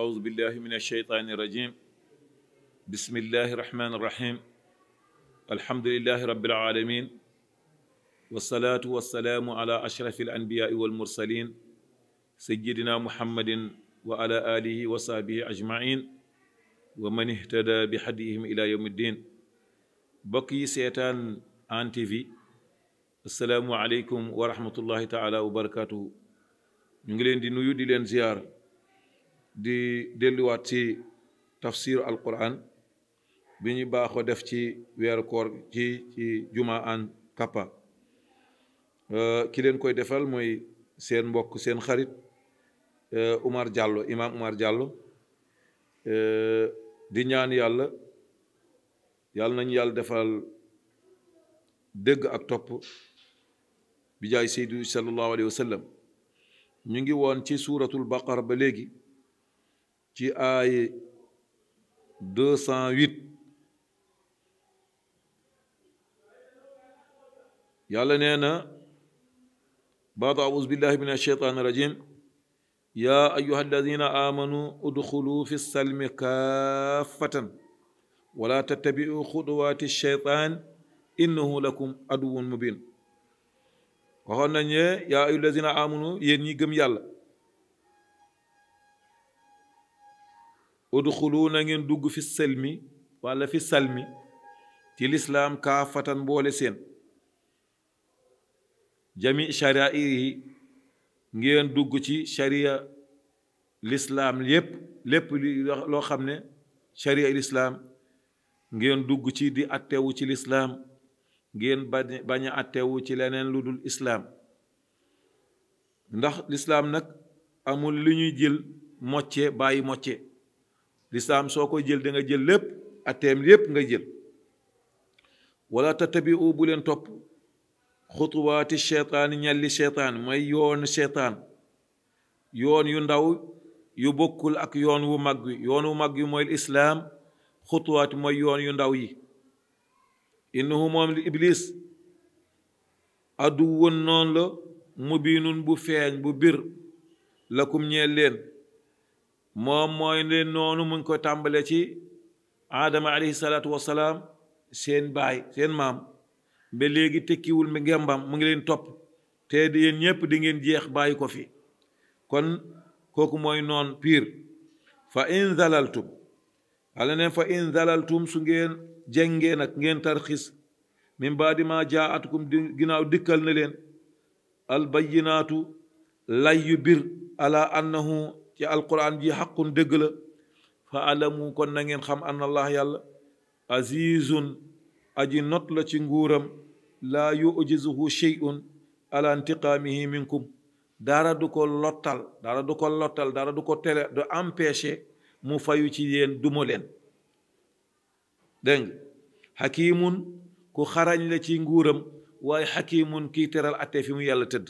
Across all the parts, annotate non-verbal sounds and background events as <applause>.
أعوذ بالله من الشيطان الرجيم بسم الله الرحمن الرحيم الحمد لله رب العالمين والصلاة والسلام على أشرف الأنبياء والمرسلين سيدنا محمد وعلى آله وصحبه أجمعين ومن اهتدى بحديهم إلى يوم الدين بقي سيتان آن تي في السلام عليكم ورحمة الله تعالى وبركاته ñu دي leen di nuyu di di delluwaat ci tafsir alquran bi ñu baaxoo def ci weeru koor ci ci juma an kappa euh, ki leen koy defal mooy seen mbokk seen xarit euh, Umar Diallo imaam Umar Diallo euh, di ñaan yàlla yàlla nañu yàlla defal dëgg ak topp bi jaay Seydou sallallahu alayhi wa ñu ngi woon ci suuratul baqara ba léegi ci aaye 208 yàlla nee na baada aouzu billahi min alcheytaani rajim yaa ayuha alladina aamanu udxulu fi salmi kaafatan wala tattabiu xuduwaati cheytaan innahu lakum aduwun mubin waxoon nañ ne yaa ayuha alladina aamanu yéen ñi gëm yàlla udxulu na ngeen dugg fi selmi walla fi salmi ci lislaam kaafatan mboole seen jami sharaa'ir yi ngeen dugg ci sharia lislaam yépp xam ne sharia lislaam ngeen dugg ci di attewu ci lislaam ngeen bañ a attewu ci leneen lu dul islaam ndax lislaam nag amul li ñuy jël mocce bàyyi mocce lisaam soo ko jël da jël lépp ateem lépp nga jël wala tatabiu bu leen topp xutuwaati cheytaan ñalli seetaan mooy yoon cheytaan yoon yu ndaw yu bokkul ak yoon wu mag wi yoon wu mag wi mooy islaam xutuwaati mooy yoon yu ndaw yi innahu moom li iblis adduwun noonu la mubinun bu feeñ bu bir lakum ñeel leen moom mooy ne noonu mu ngi ko tàmbalee ci aadama alayhi salaatu seen baay seen maam ba léegi tekkiwul mi ngembam mu ngi leen topp te yéen ñépp di ngeen jeex bàyyi ko fi kon kooku mooy noon piir fa in zalaltum ala fa in su ngeen jengee nag ngeen tarxis min baadi ma jaatkum di ginnaaw dikkal na leen albayinaatu lay yu bir ala annahu ci alquran ji xaqun dëgg la fa alamu kon na ngeen xam an allah yàlla azizun aji not la ci nguuram laa yujizuhu sheyun ala intiqaamihi minkum dara du ko lottal dara du ko lottal dara du ko tele du empêché mu fayu ci yéen duma leen dégg nga ku xarañ la ci nguuram waaye xakimun kii teral attee fi mu yàlla tëdd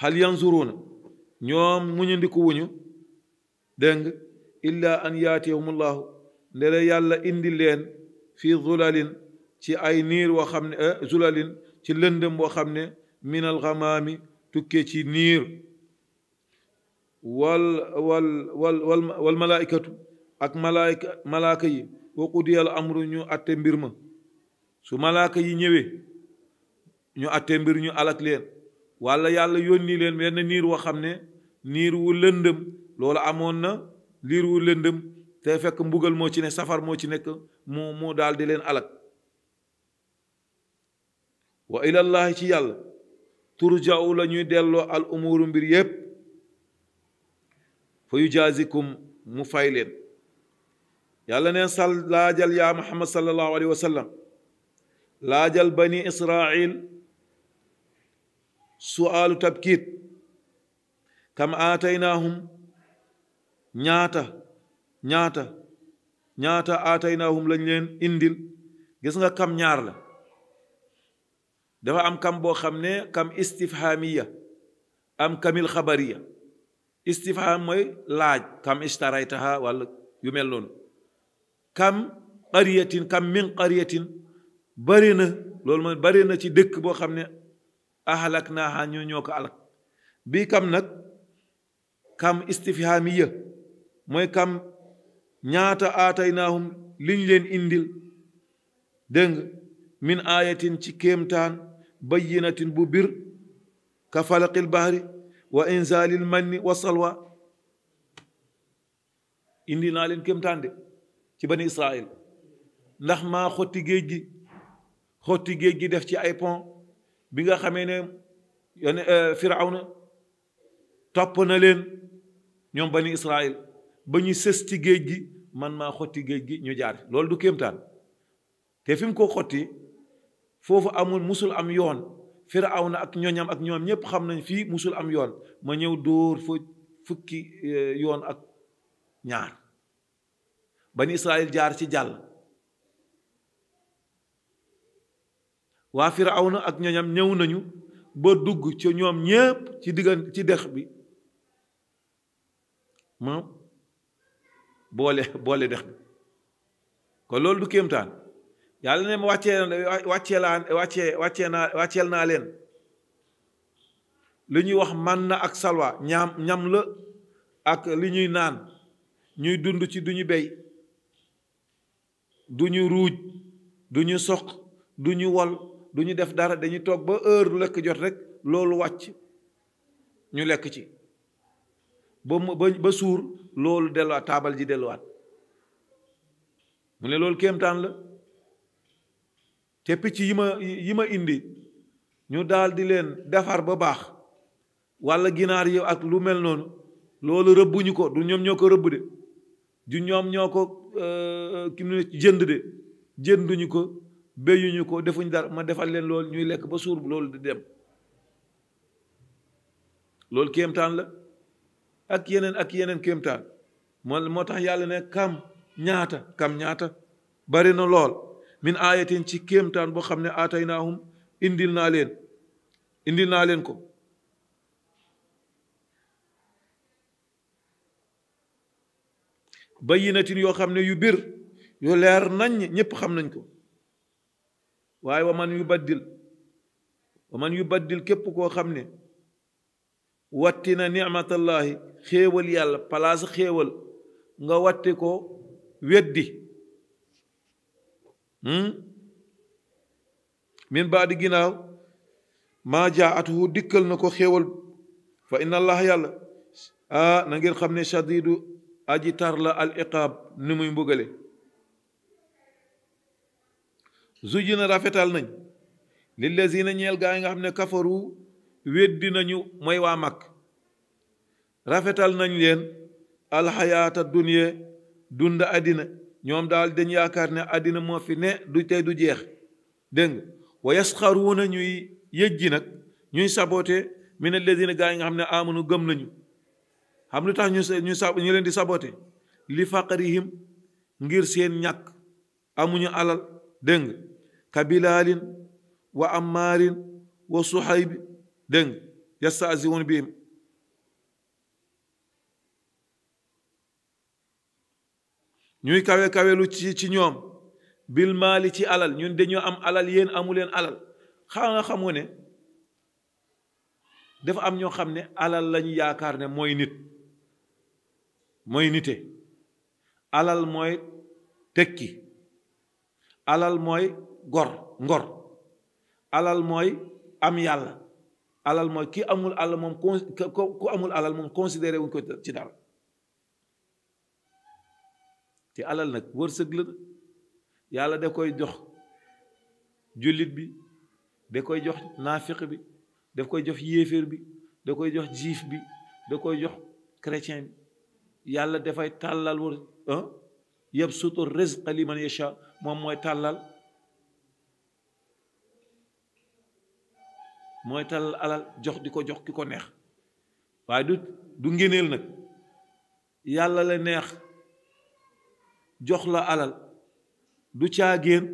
hal yanzuruuna ñoom muñandiku wuñu dégg nga illaa an yaatiyahumullahu ndere yàlla indi leen fii zulalin ci ay niir woo xam ne eh, zulalin ci lëndëm boo xam ne minal xamaami tukkee ci niir wal wal wal wal malaaykatu ak malaayka malaaka yi wa qudiyal amru ñu atte mbir ma su malaaka yi ñëwee ñu atte mbir ñu alak leen wala yàlla yónni len ben niir wo xamne ne niir wu lëndëm lolu amon na liir wu lëndëm te fek mbugal mo ci ne safar mo ci nek mo mo dal di len alak wa ila allah ci yàlla turja'u la ñuy delloo al umur mbir yeb fa yujazikum mu fay len yàlla ne sal lajal ya muhammad sallallahu alaihi wasallam sallam laajal bani israil su'aalu tabkiit kam aataynaahum ñaata ñaata ñaata aataynaahum lañ leen indil gis nga kam ñaar la dafa am kam boo xam ne kam istifhaamiya am kamil xabariya istifhaam mooy laaj kam istaraytaha walla yu mel noonu kam qariyatin kam min qariyatin bari loolu mooy bari na ci dëkk boo xam ne ahalak naaha ñu ñoo ko alak bii kam nag kam istifhaamiya mooy kam ñaata aataynaahum liñ leen indil dégg nga min aayatin ci kéemtaan bayyinatin bu bir ka falaqil bahri wa inzalil manni wa salwa indi naa leen kéemtaan de ci bani israil ndax maa xotti géej gi xotti géej gi def ci ay pont bi nga xamee ne yone firawna topp na leen ñoom bani israil ba ñu sës ci géej gi man maa xotti géej gi ñu jaar loolu du kéemtaan te fi mu ko xotti foofu amul musul am yoon firawna ak ñoñam ak ñoom ñépp xam nañ fii musul am yoon ma ñëw dóor fa fukki yoon ak ñaar bani israil jaar ci jàll waa aw na ak ñoñam ñëw nañu ba dugg ci ñoom ñépp ci diggan ci dex bi moom boole boole dex bi kon loolu du kéemtaan yàlla ne ma wàcce wàccee laa wàccee wàccee naa leen li ñuy wax man na ak salwa ñaam ñam la ak li ñuy naan ñuy dund ci duñu bey du ñu ruuj du ñu soq du ñu wol du ñu def dara dañuy toog ba heure lu lekk jot rek loolu wàcc ñu lekk ci ba ba suur loolu delluwaat taabal ji delluwaat mu ne loolu kéemtaan la te picc yi ma yi ma indi ñu daldi leen defar ba baax walla ginaar yi ak lu mel noonu loolu rëbbuñu ko du ñoom ñoo ko rëbb de du ñoom ñoo ko euh, kim jënd de jënduñu ko béyuñu ko defuñ dara ma defal leen lool ñuy lekk ba suur loolu di dem loolu kéemtaan la ak yeneen ak yeneen kéemtaan ma moo tax yàlla ne kam ñaata kam ñaata bari na lool min aayatin ci kéemtaan boo xam ne aataynaahum indil naa leen indil naa leen ko ba bayyinatin yoo xam ne yu biir yu leer nañ ñépp xam nañ ko waaye wa man yubaddil wa man yubaddil képp koo xam ne watti na nicmatallahi xéewal yàlla place xéewal nga watti ko weddi min baadi ginaaw maa jaatuhu dikkal na ko xéewal fa inna allah yàlla ah na ngeen xam ne shadidu aji tar la al iqab ni muy mbugale zuji na rafetal nañ lillazina ñeel gaa yi nga xam ne kafaru weddi nañu mooy waa mag rafetal nañ leen alxayaata dunya dund àddina ñoom daal dañ yaakaar ne àddina moo fi ne du tey du jeex dégg nga wa yasxaruuna ñuy yëjji nag ñuy sabote min alladina gaa yi nga xam ne amanu gëm nañu xam lu tax ñu ñu leen di sabote li faqarihim ngir seen ñàkk amuñu alal dégg ka bilaalin wa ammaarin wa suhaybi dégg nga yastahzi'uuna bihim ñuy kawe kawelu ci ci ñoom bil maali ci alal ñun dañoo am alal yéen amu leen alal xaa nga xamu ne dafa am ñoo xam ne alal lañu yaakaar ne mooy nit mooy nite alal mooy tekki alal mooy gor ngor alal moy am yàlla alal moy ki amul alal mom ku amul alal mom considéré wuñ ko ci dara ci alal nak wërseug la yàlla da koy jox julit bi da koy jox nafiq bi da koy jox yéfer bi da koy jox jif bi da koy jox chrétien bi yàlla fay talal wër yabsutur rizqa liman yasha mom moy talal mooy tal alal jox di ko jox ki ko neex waaye du du ngéneel nag yàlla la neex jox la alal du caagéen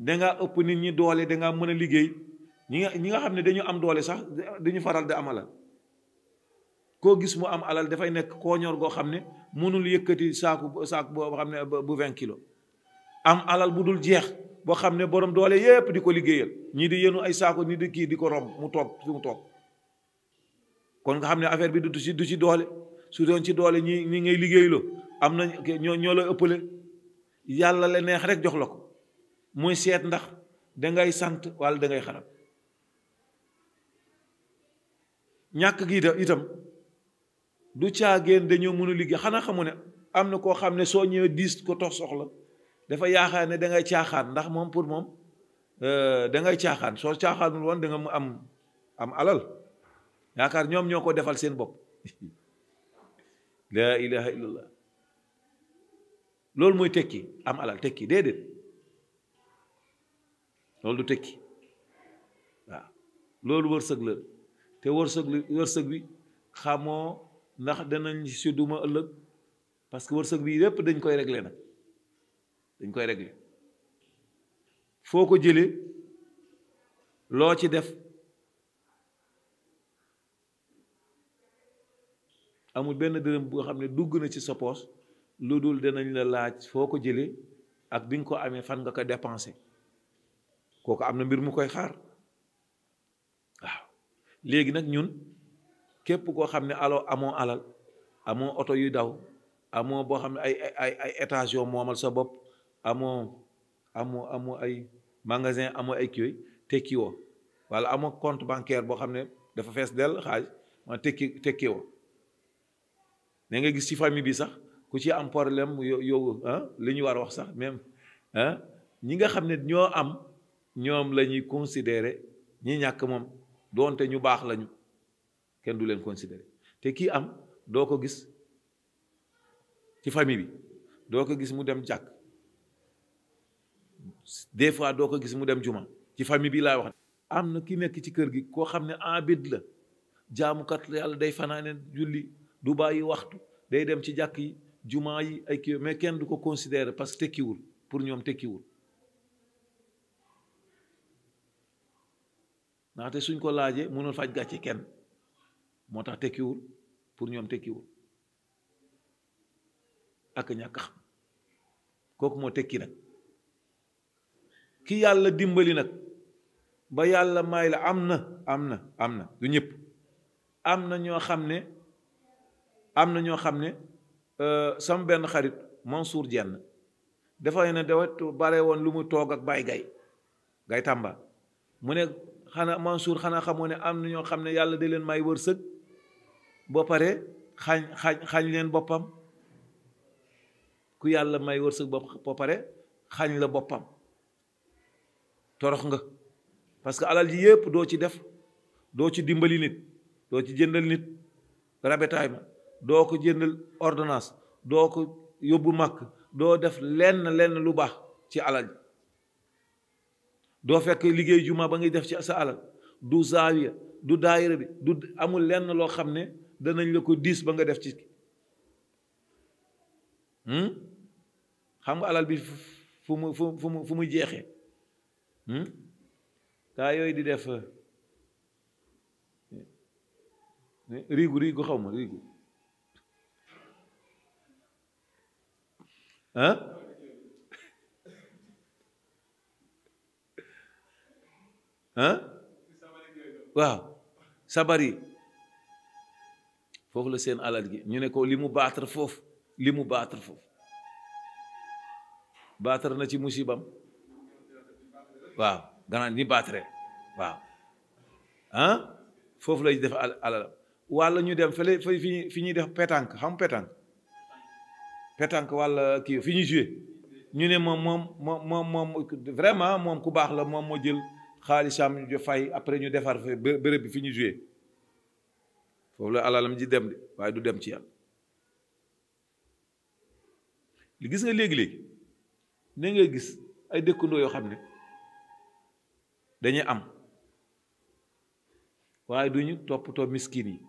dangaa ëpp nit ñi doole dangaa mën a liggéey ñi nga ñi nga xam ne dañu am doole sax dañu faral di am alal koo gis mu am alal dafay nekk koo goo xam ne mënul yëkkati saaku saaku boo xam ne bu vingt kilo am alal bu dul jeex boo xam ne borom doole yépp di ko liggéeyal ñii di yenu ay saako ñii di kii di ko romb mu toog mu toog kon nga xam ne affaire bi du ci du ci doole su doon ci doole ñi ñi ngay liggéeyloo am na ñoo ñoo la ëppale yàlla la neex rek jox la ko muy seet ndax dangay sant walla dangay xarab ñàkk gi itam du caagéen dañoo mën a liggéey xanaa xamu ne am na koo xam ne soo ñëwee diis ko tox soxla dafa yaakaar ne da ngay caaxaan ndax moom pour moom euh, da ngay caaxaan soo caaxaanul woon da nga mu am am alal yaakaar ñoom ñoo ko defal seen bopp laa <laughs> ilaha illallah loolu mooy tekki am alal tekki déedéet loolu du tekki waaw loolu wërsëg la te wërsëg wërsëg bi xamoo ndax danañ si duma ëllëg parce que wërsëg bi yépp dañ koy réglé nag dañ koy régler foo ko jëlee loo ci def amul benn dërëm bu nga xam ne dugg na ci sa poos lu dul dinañ la laaj foo ko jëlee ak bi nga ko amee fan nga ko dépensé kooku am na mbir mu koy xaar waaw léegi nag ñun képp koo xam ne aloo amoo alal amoo oto yu daw amoo boo xam ne ay ay ay moomal sa bopp amoo amoo amoo ay magasin amoo ay kii tekki wala amoo compte bancaire boo xam ne dafa fees dell xaaj ma tekki tekki woo nga gis ci famille bi sax ku ci am problème yow ah, li ñu war a wax sax même ah, ñi nga xam ne ñoo am ñoom la ñuy considérer ñi ñàkk moom doonte ñu baax lañu kenn du leen considérer te kii am doo ko gis ci famille bi doo ko gis mu dem jàkk des fois doo ko gis mu dem juma ci famille bi laay wax. am na ki nekk ci kër gi koo xam ne abid la jaamukat la yàlla day fanaane julli du bàyyi waxtu day dem ci jàkk yi juma yi ay kii mais kenn du ko considérer parce que tekkiwul pour ñoom tekkiwul. ndaxte suñ ko laajee mënul faj gàcce kenn moo tax tekkiwul pour ñoom tekkiwul ak ñàkk xam kooku moo tekki nag ki yàlla dimbali nag ba yàlla may la am na am na am na du ñépp am na ñoo xam ne am na ñoo xam ne euh, sama benn xarit Mansour Dieng dafay ne dafa bare woon lu mu toog ak Baye Gaye Gaye Tamba mu ne xanaa Mansour xanaa xamoo ne am na ñoo xam ne yàlla di leen may wërsëg boo paree xañ xañ xañ leen boppam ku yàlla may wërsëg ba pare xañ la boppam torox nga parce que alal ji yépp doo ci def doo ci dimbali nit doo ci jëndal nit rabetaay ma doo ko jëndal ordonnance doo ko yóbbu màkk doo def lenn lenn lu baax ci alal ji doo fekk liggéey juma ba ngay def ci sa alal du zaawiya du daayira bi du amul lenn loo xam ne danañ la ko diis ba nga def ci hmm? xam nga alal bi fu mu fu mu fu muy jeexee Hmm? gaa yooyu di def eh, eh, riigu riigu xaw ma riigu ah ah waaw sabar yi foofu la seen alal gi ñu ne ko li mu baatar foofu li mu baatar foofu baatar na ci musibam waaw ganaan ni baatare waaw ah foofu lay def alalam walla ñu dem fële fi fi ñuy def pétanque xam pétanque pétanque walla kii fi ñuy joué ñu ne moom moom moom moom vraiment moom ku baax la moom moo jël xaalisam ñu fay après ñu defar fa bërëb bi fi ñu joué foofu la alalam ji dem de waaye du dem ci yàlla li gis nga léegi-léegi ne nga gis ay dëkkandoo yoo xam ne dañuy am waaye duñu toppatoo miskin yi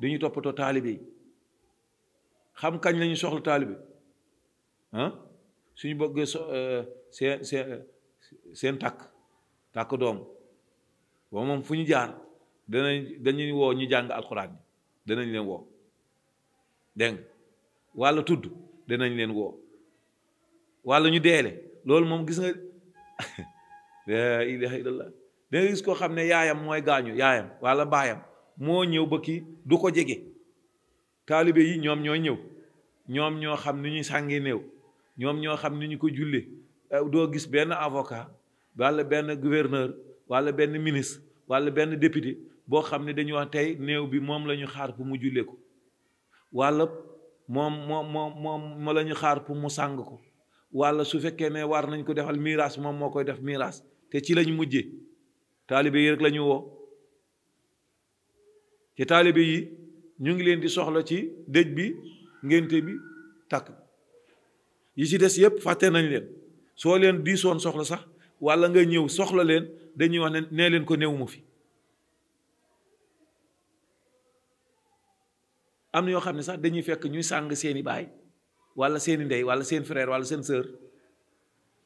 duñu toppatoo taalibe yi xam kañ lañu soxla taalibe ah suñu bëggee so euh, seen takk takk doom boobu moom fu ñu jaar danañ dañuy woo ñu jàng alxuraan yi danañ leen woo dégg walla tudd danañ leen woo walla ñu deele loolu moom gis nga <laughs> la gis koo xam ne yaayam mooy gaañu yaayam walla baayam moo ñëw ba kii du ko jege taalibe yi ñoom ñoo ñëw ñoom ñoo xam ni ñuy sàngi néew ñoom ñoo xam ni ñu ko julle eh, doo gis benn avocat wala benn gouverneur wala benn ministre wala benn député boo xam ne dañu wax tey néew bi moom lañu xaar pour mu julle ko walla moom moom moom moom moo ñu xaar pour mu sàng ko walla su fekkee ne war nañ ko defal miraas moom moo koy def miraas te ci lañ mujje taalibe yi rek la woo ci taalibe yi ñu ngi leen di soxla ci dëj bi ngénte bi takk yi ci des yépp fàtte nañ leen soo leen diisoon soxla sax walla nga ñëw soxla leen dañuy wax ne nee leen ko néewuma fi am na yoo xam ne sax dañuy fekk ñuy sàng seeni baay walla seeni ndey walla seen frère walla seen sœur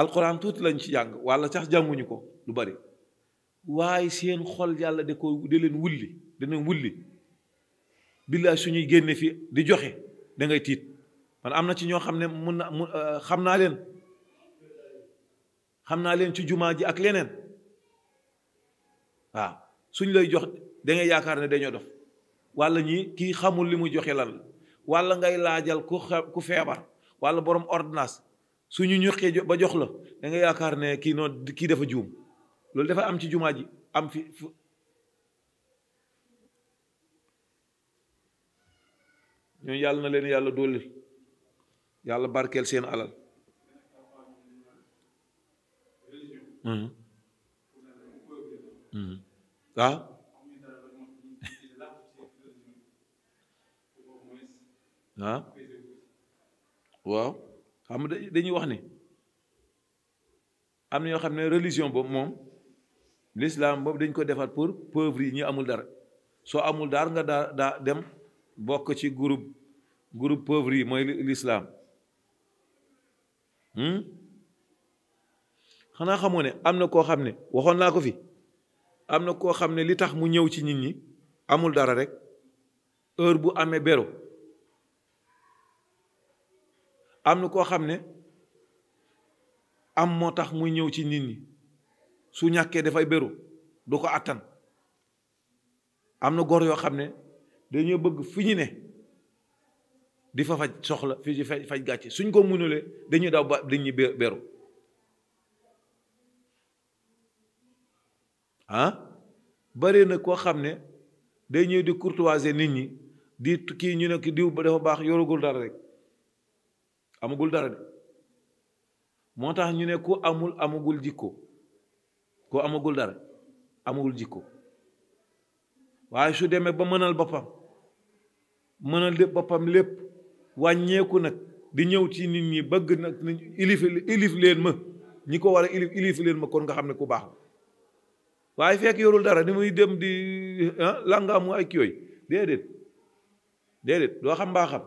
alxuraan tuuti lañ ci jàng walla sax jànguñu ko lu bari waaye seen xol yàlla da ko da leen wulli dana wulli billaay suñuy génne fi di joxe da tiit man am na ci ñoo xam ne mun na mun euh, xam naa leen xam naa leen ci jumaa ji ak leneen waaw suñ lay jox da yaakaar ne dañoo dof walla ñi kii xamul li mu joxe lan la walla ngay laajal ku ku feebar wala borom ordonnance suñu ñuqee ba jox la da yaakaar ne kii noon kii dafa juum loolu dafa am ci jumaa ji am fi ñooñu yàlla na leen yàlla dolli yàlla barkeel seen alal hmm. Hmm. Ah? <laughs> Ah? waaw xam nga dañuy wax ni am na ñoo xam ne religion boobu moom l'islam boobu dañ ko defar pour pauvres yi ñu amul dara soo amul daar nga daa daa dem bokk ci groupe groupe pauvres yi mooy l'islam hmm? xanaa xamoo ne am na koo xam ne waxoon naa ko fi am na koo xam ne li tax mu ñëw ci nit ñi amul dara rek heure bu amee bero am na koo xam ne am moo tax muy ñëw ci nit ñi su ñàkkee dafay beru du ko àttan am na góor yoo xam ne dañoo bëgg fi ñu ne di fa faj soxla fi ñu faj gàcce suñ ko mënulee dañuy daw ba dañuy béru ah bare na koo xam ne day ñëw di courtoiser nit ñi di kii ñu nekk diw ba dafa baax yorugul dara rek amagul dara de moo tax ñu ne ku amul amagul jikko ku amagul dara amagul jikko waaye su demee ba mënal boppam mënal de boppam lépp wàññeeku nag di ñëw ci nit ñi bëgg nag ilif ilif leen ma ñi ko war a ilif ilif leen ma kon nga xam ne ku baax la waaye fekk yorul dara di muy dem di ah, langaamu ay kiyooy déedéet déedéet doo xam mbaa xam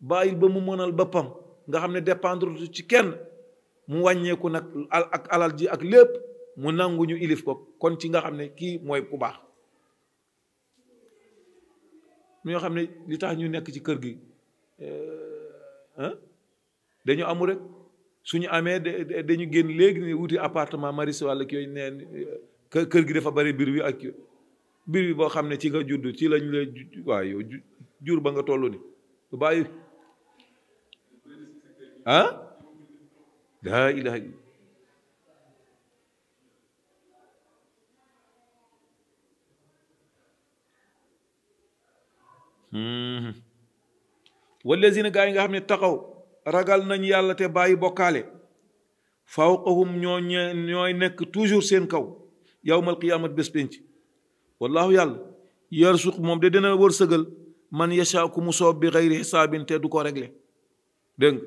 bàyyil ba mu mënal boppam nga xam ne dépendre ci kenn mu wàññeeku nag ak alal ji ak lépp mu nangu ñu ilif ko kon ci nga xam ne kii mooy ku baax ñoo xam ne li tax ñu nekk ci kër gi eh, dañu amul rek suñu amee dañu génn léegi ne wuti appartement maris walla ak yooyu neen kër gi dafa bari biir bi ak biir bi boo xam ne ci nga judd ci lañ la waaw jur ba nga toll ni bàyyi ah laa ilaha illa hmm. wallazina gaa yi nga xam ne taxaw ragal nañ yàlla te bàyyi bokkaale fawqahum ñoo ñooy nekk toujours seen kaw yawmal qiyaamat bés penc wallaahu yàlla yarsuq moom de dina wërsëgal man yashaa ku mu soob bi xayri xisaabin te du ko réglé dégg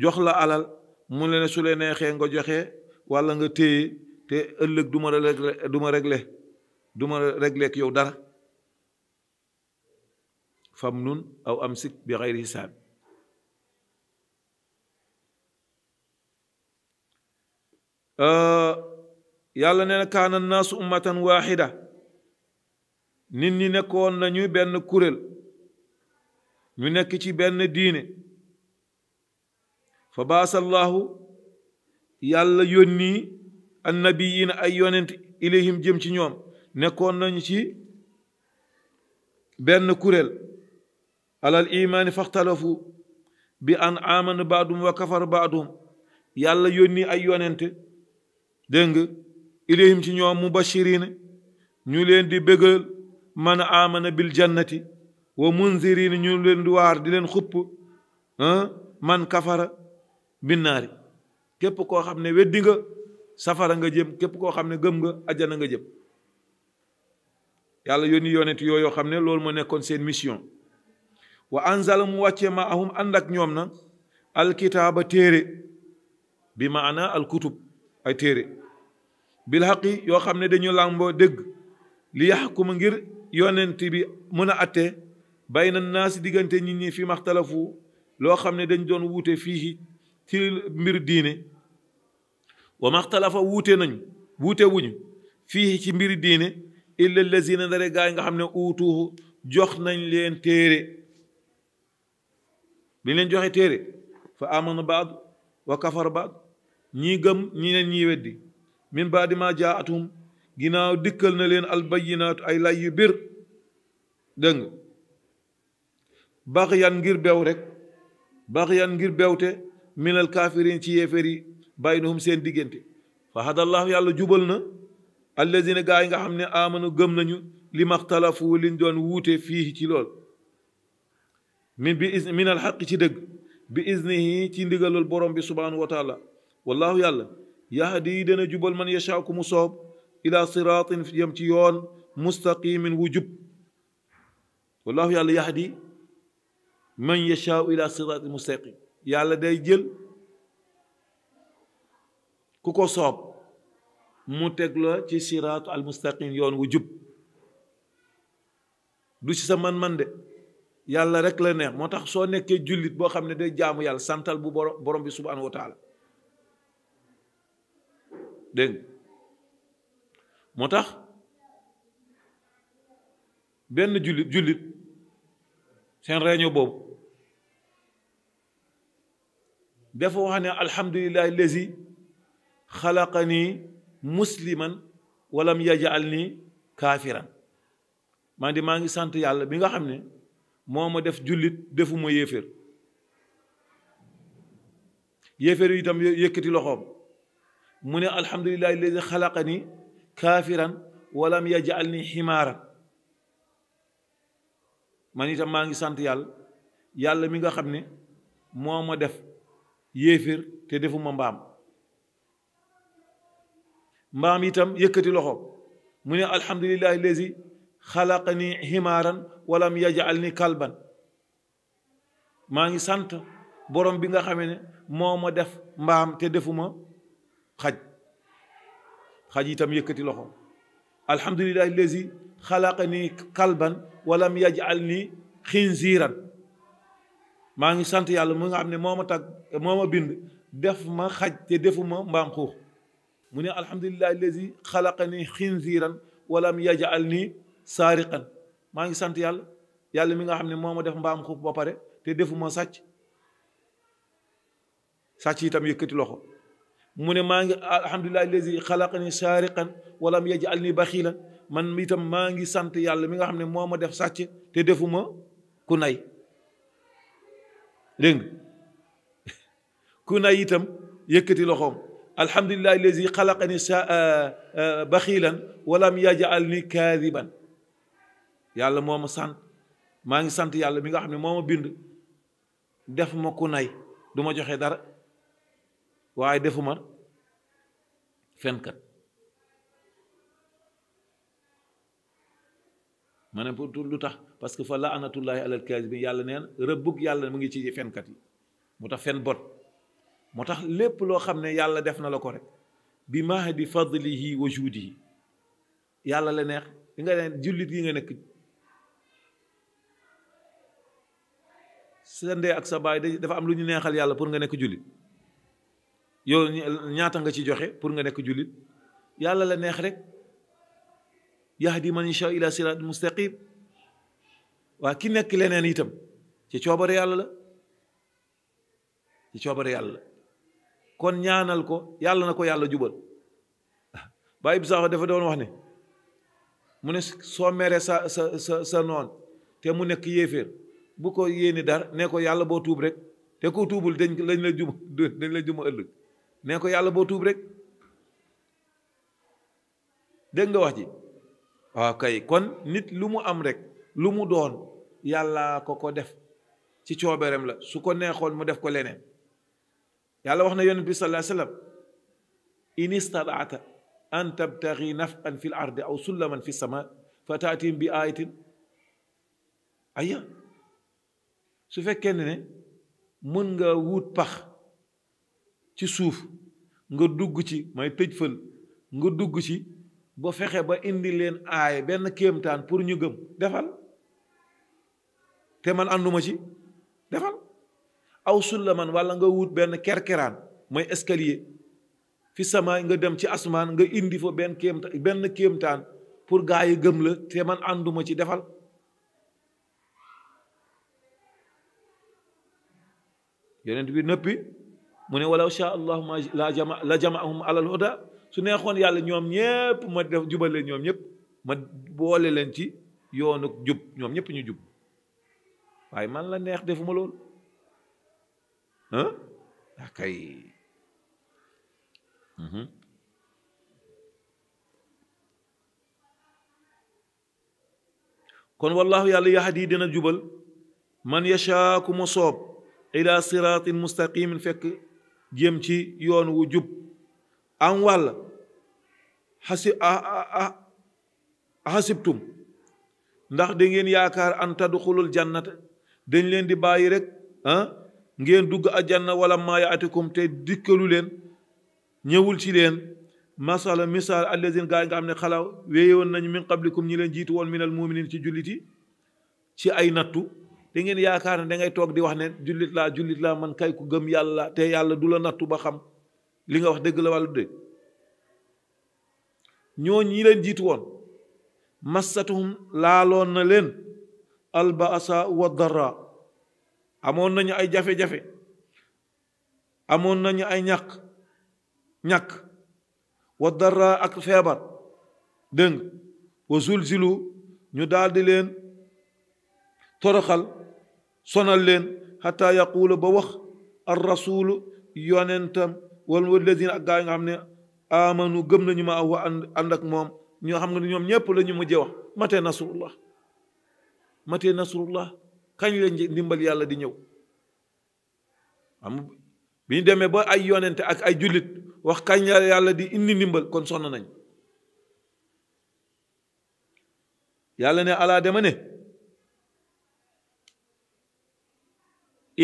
jox la alal mu ne su la neexee nga joxe wala nga téye te ëllëg duma régler duma régler duma régler ak yow dara famnun aw amsik bi xayri hisaab yàlla nee na nas ummatan wahida nit ñi nekkoon nañu benn kurel ñu nekk ci benn diine fa baasallaahu yàlla yónni annabiyiina ay yonent ilayhim jëm ci ñoom nekkoon nañu ci benn kuréel alal imaani faxtalafu bi an amana baadum wa kafar baadum yàlla yónni ay yonent dégg nga ilayhim ci ñoom mubashiriin ñu leen di bëggal man amana bil jannati wa munziriin ñu leen di waar di leen xupp ah, man kafara binnaari képp koo xam ne weddi nga safara nga jëm képp koo xam ne gëm nga ajjana nga jëm yàlla yónni yonent yooyu xam ne loolu moo nekkoon seen mission wa anzala mu wàccee ma ahum ànd ak ñoom na alkitaaba téere bi maana alkutub ay téere bil xaqi yoo xam ne dañu làmboo dëgg li yaxkuma ngir yonent bi mën a atte bàyyi na naa si diggante nit ñi fi maxtalafu loo xam ne dañ doon wuute fii ci mbir diine wa maxtalafa wuute nañu wuute fii ci mbir diine illa lazina ndare gaa yi nga xam ne uutuuhu jox nañ leen téere bi leen joxe téere fa amana baadu wa kafar baadu ñii gëm ñi neen ñii weddi min baadi ma jaatum ginnaaw dikkal na leen albayinaatu ay lay yu bir dëng bax yan ngir beew rek bax yan ngir beewte minal kaafiriin ci yéeféer yi baynahum seen diggante fa hadallahu yàlla jubal na allazina gaa yi nga xam ne amanu gëm nañu li maxtalafu liñ doon wuute fii ci lool min bi is minal xaq ci dëgg bi iznihi ci ndigalul borom bi subhanahu wa taala wallahu yàlla yahdi dana jubal man yashaa ku mu soob ila siraatin yam ci yoon mustaqimin wu jub wallahu yàlla yahdi man yashaa ila siraatin mustaqim yàlla day jël ku ko soob mu teg la ci siraatu almustaqim yoon wu jub du ci sa man-man de yàlla rek la neex moo tax soo nekkee jullit boo xam ne day jaamu yàlla santal bu borom bi subhanahu wa taala moo tax benn jullit jullit seen réunion boobu dafa wax ne alhamdulillahi lazi xalaqani musliman walam yajalni kaafiran man di maa ngi sant yàlla bi nga xam ne moo ma def jullit defuma yéeféer yéeféer yi itam yëkkati loxoom mu ne alhamdulillahi lazi xalaqani kaafiran walam yajalni ximaaran man itam maa ngi sant yàlla yàlla mi nga xam ne moo ma def yéeféer te defuma mbaam mbaam itam yëkkati loxo mu ne alhamdulillahi lazi xalaqani himaran walam yajalni kalban maa ngi sant borom bi nga xamee ne moo ma def mbaam te defuma xaj xaj itam yëkkati loxo alhamdulillahi lazi xalaqani kalban walam yajalni ni maa ngi sant yàlla mu nga xam ne moo ma tag moo ma bind def ma xaj te defuma mbaam xuux mu ne alhamdulillahi allazi xalaqani xinziiran walam yajal nii saariqan maa ngi sant yàlla yàlla mi nga xam ne moo ma def mbaam xuux ba pare te defuma sàcc sàcc itam yëkkati loxo mu ne maa ngi alhamdulillahi allazi xalaqani saariqan walam yajal nii baxiilan man itam maa ngi sant yàlla mi nga xam ne moo ma def sàcc te defuma ku nay dégg nga ku nay itam yëkkati loxoom alhamdulilah allazi xalaqani sa baxilan walam yajal ni kaadiban yàlla moo ma sant maa ngi sant yàlla mi nga xam ne moo ma bind def ma ku nay du ma joxe dara waaye defuma fenkat ma ne pour lu tax parce que fa laanatullahi alal kaazibin yàlla neen rëbbug yàlla mu ngi ci fenkat yi mu tax fen bot moo tax lépp loo xam ne yàlla def na la ko rek bi mahdi fadlihi wa juudihi yàlla la neex li nga ne jullit yi nga nekk sa ndey ak sa baay dafa am lu ñu neexal yàlla pour nga nekk jullit yow ñaata nga ci joxe pour nga nekk jullit yàlla la neex rek yahdi man insha ila siraatin mustaqim waa ki nekk leneen itam ci coobare yàlla la ci coobare yàlla la kon ñaanal ko yàlla na ko yàlla jubal Baye Ibou Sakho dafa doon wax ne mu ne soo meree sa sa sa sa noon te mu nekk yéeféer bu ko yéene dara ne ko yàlla boo tuub rek te ko tuubul dañ lañ la juma dañ la juma ëllëg nee ko yàlla boo tuub rek dégg nga wax ji waaw kon nit lu mu am rek lu mu doon yàlla ko ko def ci coobeeram la su ko neexoon mu def ko leneen yàlla wax na yonent bi sallallahu alayhi wasallam in istataata an tabtaxi nafan fi l ardi aw sullaman fi sama fa taatim bi ayatin aya su fekkee ne mën nga wut pax ci suuf nga dugg ci may tëj fël nga dugg ci ba fexe ba indi leen aay benn kéemtaan pour ñu gëm defal te man ànduma ci defal aw man walla nga wut benn kerkeraan mooy escalier fi sama nga dem ci asmaan nga indi fa benn kéemtaan pour gaa yi gëm la te man ànduma ci defal yonent bi nëppi mu ne walaw sha allahu la jama la jamaahum alal huda su neexoon yàlla ñoom ñëpp ma def jubale ñoom ñëpp ma boole leen ci yoonu jub ñoom ñëpp ñu jub waaye man la neex defuma lool ah kay mhm. kon wallahu yàlla yahdi dina jubal man yashaa ku soob ila siraatin mustaqimin fekk jëm ci yoon wu jub am wàll xasi xasibtum ndax da ngeen yaakaar an tadxulul jannata dañ leen di bàyyi rek ah ngeen dugg àjjanna wala maa yaatikum te dikkalu leen ñëwul ci leen masala misaal allazine gaa yi nga xam ne xalaw wéyewoon nañu min qablikum ñi leen jiitu woon minal muminin ci jullit yi ci ay nattu da ngeen yaakaar ne da ngay toog di wax ne jullit laa jullit laa man kay ku gëm yàlla te yàlla du la nattu ba xam li nga wax dëgg la wàllu dëgg ñoo ñi leen jiitu woon massatuhum laaloon na leen albaasa wa dara amoon nañu ay jafe-jafe amoon nañu ay ñàkk ñàkk wa dara ak feebar dëng wa zulzilu ñu daldi leen toroxal sonal leen xataa yaquulu ba wax ar yonentam wal ladina ak gaa yi nga xam ne amanu gëm nañu ma wa ànd ak moom ñoo xam nga ne ñoom ñëpp la ñu mujjee wax matee nasrullah matee nasrullah kañ la ndimbal yàlla di ñëw am demee ba ay yonente ak ay jullit wax kañ la yàlla di indi ndimbal kon sonn nañ yàlla ne alaa dema ne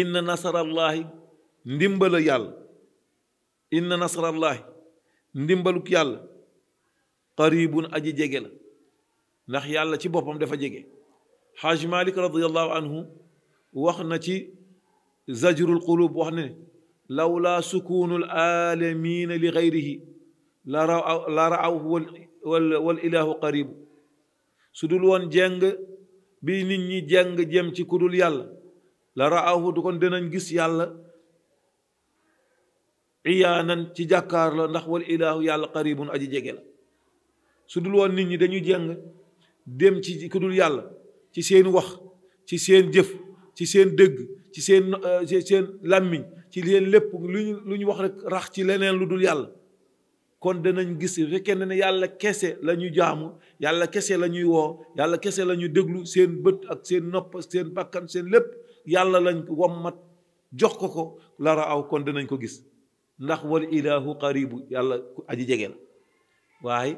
inna nasarallahi ndimbala yàlla inna nasrallahi ndimbaluk yàlla qaribun aji jege la ndax yàlla ci boppam dafa jege xaaj malik radiallahu anhu wax na ci zajrul qulub wax lawla sukunul alamina li gayrihi la raw la raaw wal wal ilaahu qaribu su dul woon jeng bi nit ñi jeng jëm ci kudul yàlla la raaw du kon dinañ gis yàlla iyaanan ci jàkkaar la ndax wal ilaahu yàlla qaribun aji jege la su dul woon nit ñi dañu jeng dem ci ku dul yàlla ci seen wax ci seen jëf ci seen dëgg ci seen seen làmmiñ ci leen lépp luñu lu ñu wax rek rax ci leneen lu dul yàlla kon danañ gis su fekkee ne yàlla kese lañuy ñu jaamu yàlla kese la ñuy woo yàlla kese la ñu déglu seen bët ak seen nopp seen bakkan seen lépp yàlla lañ wommat jox ko ko la raaw kon danañ ko gis ndax wal ilaahu qaribu yàlla aji jege la waaye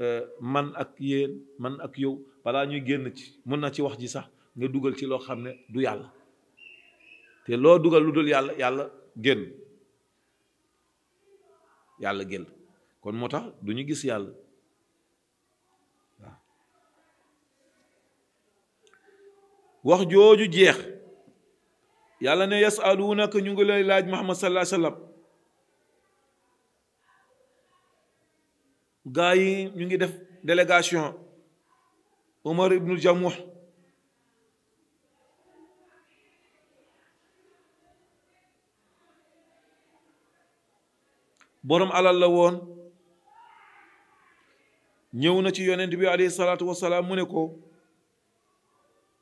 euh, man ak yéen man ak yow balaa ñuy génn ci mën na ci wax ji sax nga dugal ci loo xam ne du yàlla te loo dugal lu dul yàlla yàlla génn yàlla génn kon moo tax du ñu gis yàlla wax jooju jeex yàlla ne yasaluunaka ñu ngi leen laaj Muhammad sallallahu gaa yi ñu ngi def délégation Omar ibnu Jamuh boroom alal la woon ñëw na ci yonent bi alayhi salaatu wasalaam mu ne ko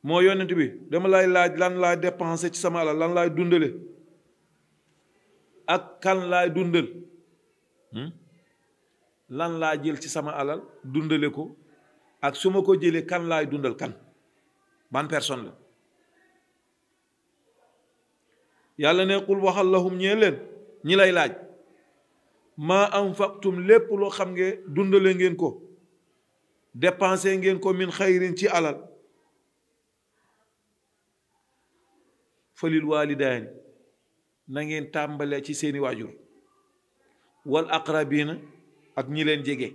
moo yonent bi dama lay laaj lan laay dépensé ci sama alal lan laay dundale ak kan laay dundal hmm? lan laa jël ci sama alal dundale ko ak su ma ko jëlee kan laay dundal kan ban personne la yàlla ne qul waxal lahum ñeen leen ñi lay laaj maa anfaqtum lépp loo xam nge dundale ngeen ko dépensé ngeen ko min xayrin ci alal falil waalidaani na ngeen tàmbalee ci seeni waajur wal aqrabiina ak ñi leen jege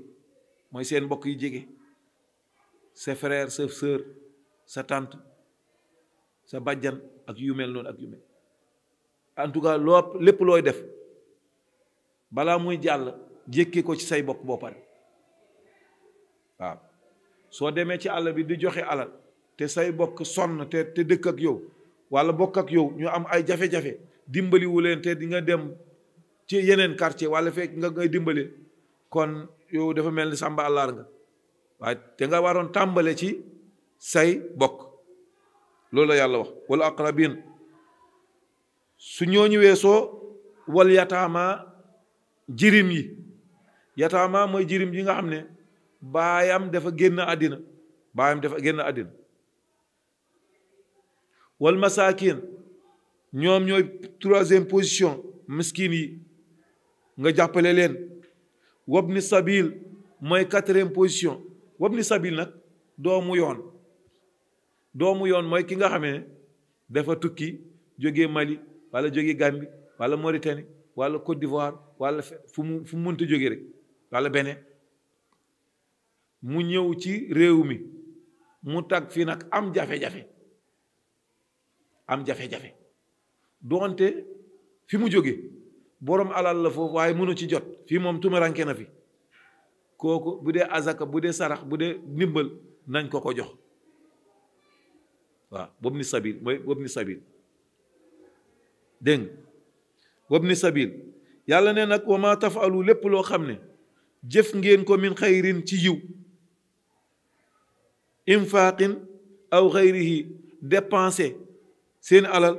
mooy seen mbokk yi jege sa frère sa sœur sa tante sa bàjjan ak yu mel noonu ak yu mel en tout cas loo lépp looy def balaa muy jàll jékki ko ci say bokk boo pare waaw soo demee ci àll bi di joxe alal te say bokk sonn te te dëkk ak yow walla bokk ak yow ñu am ay jafe-jafe dimbaliwu leen te di nga dem ci yeneen quartier walla fekk nga ngay dimbali kon yow dafa mel ni sàmba àllaar nga waaye te nga waroon tàmbale ci say bokk loolu la yàlla wax wala aqrabin su ñooñu weesoo wal yataama jirim yi yataama mooy jirim yi nga xam ne baayam dafa génn àddina baayam dafa génn àddina wal masaakin ñoom ñooy troisième position miskin yi nga jàppale leen wabni sabil mooy quatrième position wabni sabil nag doomu yoon doomu yoon mooy ki nga xamee dafa tukki jóge Mali walla jóge Gambie wala Mauritanie wala Côte d'Ivoire wala fu mu fu mu mënta jóge rek walla Bénin mu ñëw ci réew mi mu tag fii nag am jafe-jafe am jafe-jafe doonte fi mu jóge borom alal la foofu waaye mënu ci jot fii moom tumaranke na fi kooku bu dee azaka bu dee sarax bu dee ndimbal nañ ko ko jox waaw boobu ni sabil mooy boobu ni sabil dégg nga boobu ni sabil yàlla ne nag wa ma tafalu lépp loo xam ne jëf ngeen ko min xayrin ci yiw infaqin aw xayrihi dépenser seen alal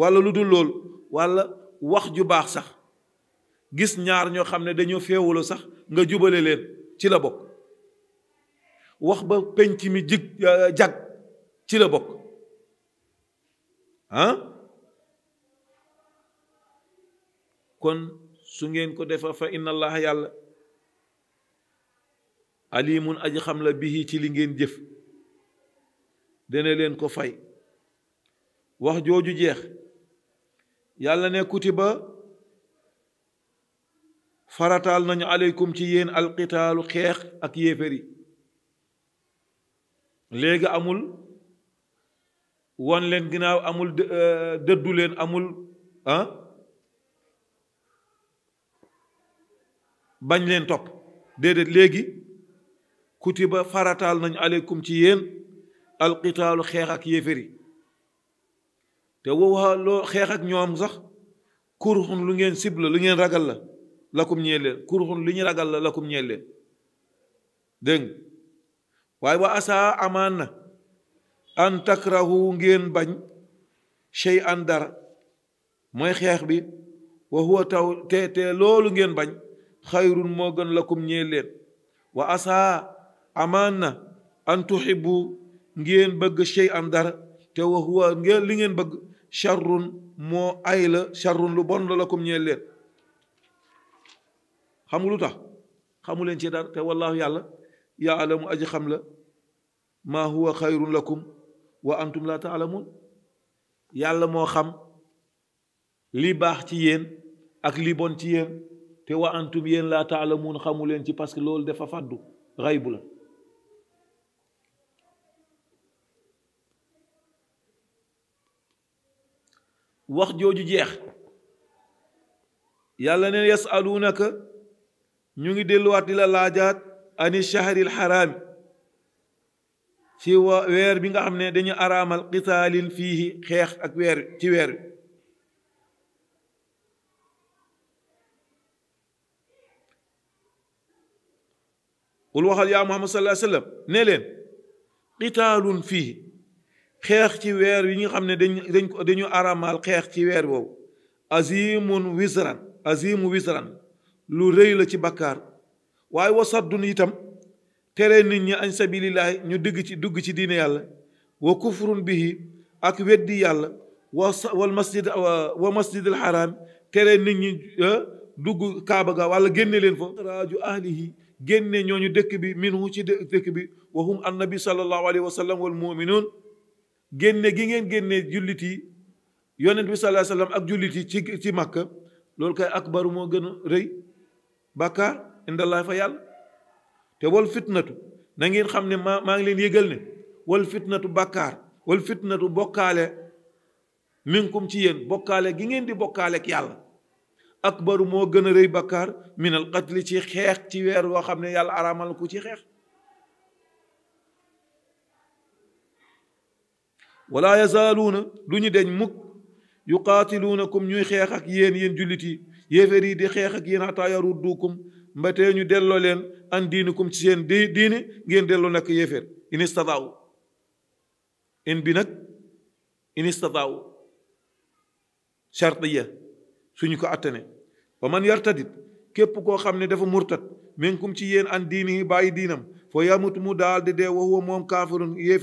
wala lu dul loolu wala wax ju baax sax gis ñaar ñoo xam ne dañoo féewaloo sax nga jubale leen ci la bokk wax ba pénc mi jig euh, jag ci la bokk ah kon su ngeen ko defa fa inna yàlla alimun aji xam la bihi ci li ngeen jëf dana leen ko fay wax jooju jeex yàlla ne kutiba farataal nañu aleykum ci yéen alqitaalu xeex ak yéefér yi léegi amul won leen ginnaaw amul euh, dëddu leen amul ah? bañ leen topp déedéet léegi ba farataal nañu aleykum ci yéen alqitaalu xeex ak yéefér yi te wowaa loo xeex ak ñoom sax kurxun lu ngeen sibla lu ngeen ragal la lakum ñeel leen kurxun li ñu ragal la lakum ñeel leen dégg waaye wa asaa amaan na an takrahu ngeen bañ shay an dara mooy xeex bi wa taw te te loolu ngeen bañ xayrun moo gën lakum ñeel leen wa asaa amaan na an tuxibu ngeen bëgg shay an dara te wa li ngeen bëgg sharrun moo ay la sharrun lu bon la lakum ñeel leen xamu lu tax ci dara te wallaahu yàlla yaalamu aji xam la maa huwa xayrun lakum wa antum la taalamun yàlla moo xam li baax ci yéen ak li bon ci yéen te wa antum yéen laa taalamun xamu ci parce que loolu dafa fàddu xaybu la wax jooju jeex yàlla neen yasalunaka ñu ngi delluwaat di la laajaat ani shahril xaraami ci weer bi nga xam ne dañu araamal qitaalin fiihi xeex ak weer ci weer wi qul waxal yaa muhammad sallallahu alayhi wa sallam ne leen qitaalun fiihi xeex ci weer yi nga xam ne dañ dañ dañu araamal xeex ci weer boobu azimun wisran azimu wisran lu rëy la ci bàkkaar waaye wasaddun itam tere nit ñi añ sabilillahi ñu digg ci dugg ci diine yàlla wa kufrun bihi ak weddi yàlla wa wal masjid wa masjidil haram tere nit ñi dugg kaaba ga wala génne leen fa raaju ahlihi génne ñooñu dëkk bi minhu ci dëkk bi wa hum annabi sallallahu alayhi wa sallam wal muminuun génne gi ngeen génne jullit yi yonent bi sallallahu alayhi ak jullit yi ci ci màkka loolu kay akbaru moo gën a rëy bàkkaar indallaa fa yàlla te wal fitnatu na ngeen xam ne maa maa ngi leen yëgal ne wal fitnatu bàkkaar wal fitnatu bokkaale minkum ci yéen bokkaale gi ngeen di bokkaale ak yàlla akbaru moo gën a rëy bàkkaar minal qatli ci xeex ci weer woo xam ne yàlla araamal ku ci xeex wala yazaaluuna du ñu deñ mukk yuqaatiluunakum ñuy xeex ak yéen yéen jullit yi yeferi di xex ak yéen xataa yaruddukum mbate ñu delloo len an dinukum ci sen di diine ngeen delloo nak yefer in istataaw in bi nak in istataaw chartiya suñu ko atene wa man yartadit kep ko xamne dafa murtad menkum ci yéen an diini bàyyi diinam fo yamut mu dal di de wo huwa moom kaafirun la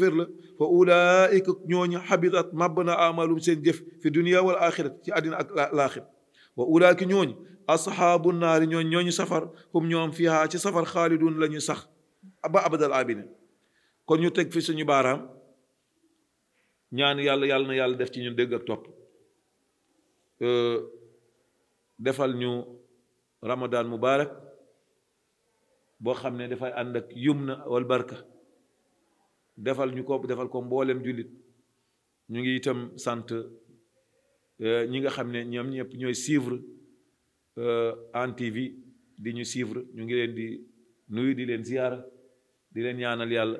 fa ulaika ñoñu xabitat mabna amalum sen jëf fi dunya wal akhirati ci adina ak laaxir wa ulaaki ñooñu asxaabu naari ñooñ ñooñu safar hum ñoom fiha ci safar xaalidun la ñuy sax ba abadal abidin kon ñu teg fi suñu baaraam ñaan yàlla yàlla na yàlla def ci ñu dégg ak topp defal ñu ramadaan mubaarak boo xam ne dafay ànd ak yumna wal defal ñu ko defal ko mboolem jullit ñu ngi itam sant Euh, ñi nga xam ne ñoom ñëpp ñooy siivre en euh, TV di ñu suivre ñu ngi leen di nuyu di leen ziyaara di leen ñaanal yàlla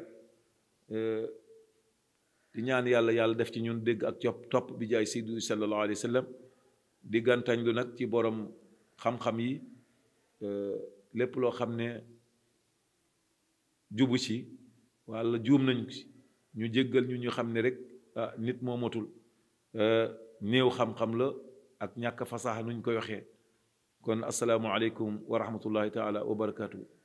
euh, di ñaan yàlla yàlla def ci ñun dégg ak cop topp bi jaay Seydu sallallahu alayhi wa sallam di gàntañ lu nag ci borom xam-xam yi lépp loo xam ne jubu ci walla juum nañu ci ñu jëggal ñu ñu xam ne rek ah, nit moo motul نيو خم خم لا أك فصاحة نون كو السلام عليكم ورحمة الله تعالى وبركاته